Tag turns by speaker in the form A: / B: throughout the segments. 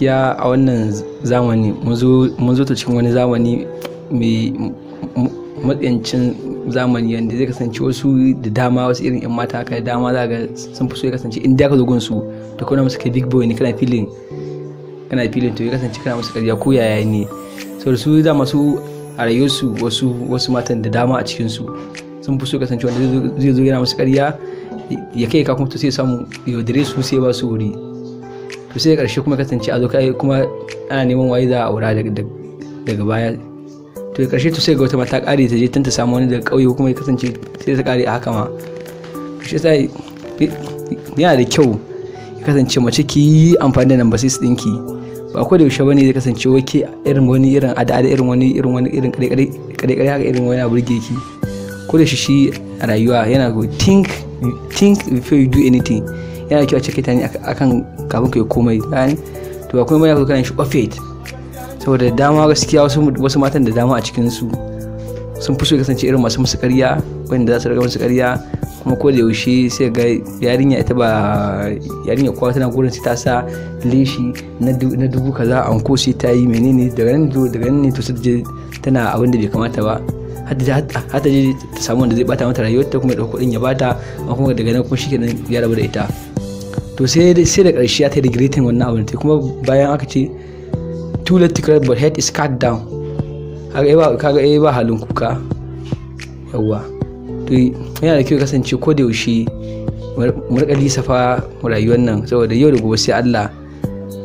A: gaskiya a wannan zamani mun zo ta cikin wani zamani mai matsayancin zamani yadda zai kasance wasu da dama wasu irin yan mata haka da dama za ga sun fi so ya kasance inda ka zo su da kuna musu kai big boy ne kana filin kana filin to ya kasance kana musu karya ko yaya ne da su da masu a rayuwarsu wasu wasu matan da dama a cikin su sun fi so kasance wanda zai zo yana musu karya ya kai ka kuma to sai samu yaudare su sai ba su wuri to sai karshe kuma kasance a zo kai kuma ana neman waye za a aura daga baya to karshe to sai ga wata mata kare ta je tun ta samu wani daga ƙauye kuma ya kasance sai ta kare a haka ma shi sai yana da kyau ya kasance mace ki yi amfani da number 6 dinki ba ko da yaushe bane zai kasance wake irin wani irin ada irin wani irin wani irin kare kare haka irin wani burge ki ko da shi shi a rayuwa yana go think think before you do anything yana kyau a cike ta ne akan kafin kai komai gani to akwai kuma yana kanin shi ofate saboda dama gaskiya wasu matan da dama a cikin su sun fi so kasance irin masu musu karya wanda za su raga musu karya kuma ko da yaushe sai ga yarinya ita ba yarinya kowa tana gurin sai ta sa leshi na dubu kaza an ko sai ta yi menene daga nan daga nan ne to sai tana abin da bai kamata ba har ta je ta samu wanda zai bata mata rayuwarta kuma da kuɗin ya bata amma kuma daga nan kuma shi nan ya rabu da ita to sai da ƙarshe ta regretting wannan abin ta kuma bayan aka ce too late to correct but head is cut down kaga yi ba halin kuka yawwa to yana da kyau kasance ko da yaushe murka rika fa rayuwar nan saboda yau da gobe sai Allah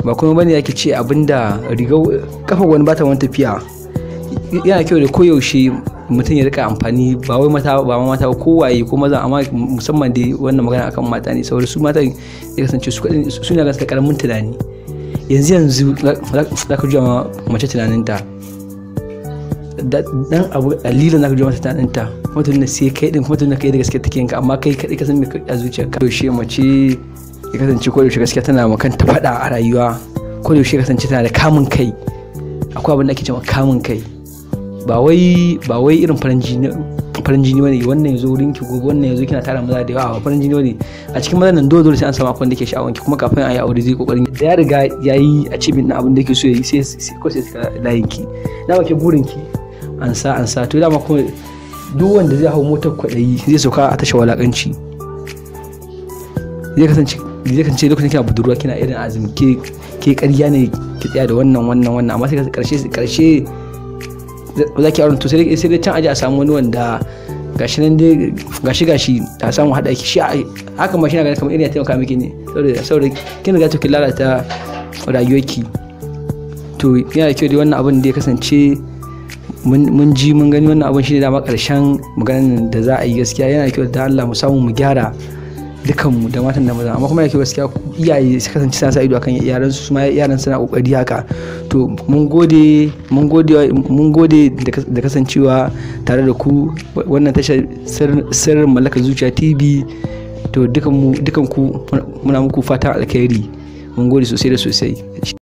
A: ba kuma bane yake ce abinda rigar kafa wani bata wani tafiya yana kyau da koyaushe mutum ya rika amfani ba wai mata ba ma mata waye ko maza amma musamman dai wannan magana akan mata ne saboda su mata ya kasance su kadin su ne da karamin tunani yanzu yanzu za ka ma mace tunaninta dan abu dalilin za ka juya tunanin tunaninta kuma tunanin sai kai din kuma tunanin kai da gaske take yanka amma kai kadai kasan mai a zuciyarka she mace ya kasance ko yaushe gaskiya tana ma kanta faɗa a rayuwa ko yaushe kasance tana da kamun kai akwai abin da ake cewa kamun kai ba wai ba wai irin farin jini wani wannan ya zo wurin ki gobe wannan ya zo kina tara maza da yawa ba farin jini wani a cikin maza nan dole dole sai an samu akwai da ke sha'awanki. kuma kafin a yi aure zai kokarin da ya riga ya yi a cibin abin da yake so ya yi sai ko sai ka layin ki dama ke burin ki an sa an sa to dama kuma duk wanda zai hau motar kwaɗayi zai sauka a tashar walakanci zai kasance zai kasance lokacin kina budurwa kina irin azumi ke ke ƙarya ne ki tsaya da wannan wannan wannan amma sai karshe karshe za ki auren to sai dai can aje a samu wani wanda gashi nan dai gashi gashi a samu haɗa ki shi haka ma shi na ganin kamar irin ya taimaka miki ne saboda kin riga to ki lalata rayuwarki to yana da kyau dai wannan abin da ya kasance mun ji mun gani wannan abin ne dama karshen maganar da za a yi gaskiya yana da kyau da Allah mu samu mu gyara dukanmu da matan da maza amma kuma yake gaskiya iyaye su kasance suna sa ido akan yaran su ma yaran suna kokari haka to mun gode mun gode mun gode da kasancewa tare da ku wannan tashar sirrin mallaka zuciya TV to dukan mu dukan ku muna muku fatan alkhairi mun gode sosai da sosai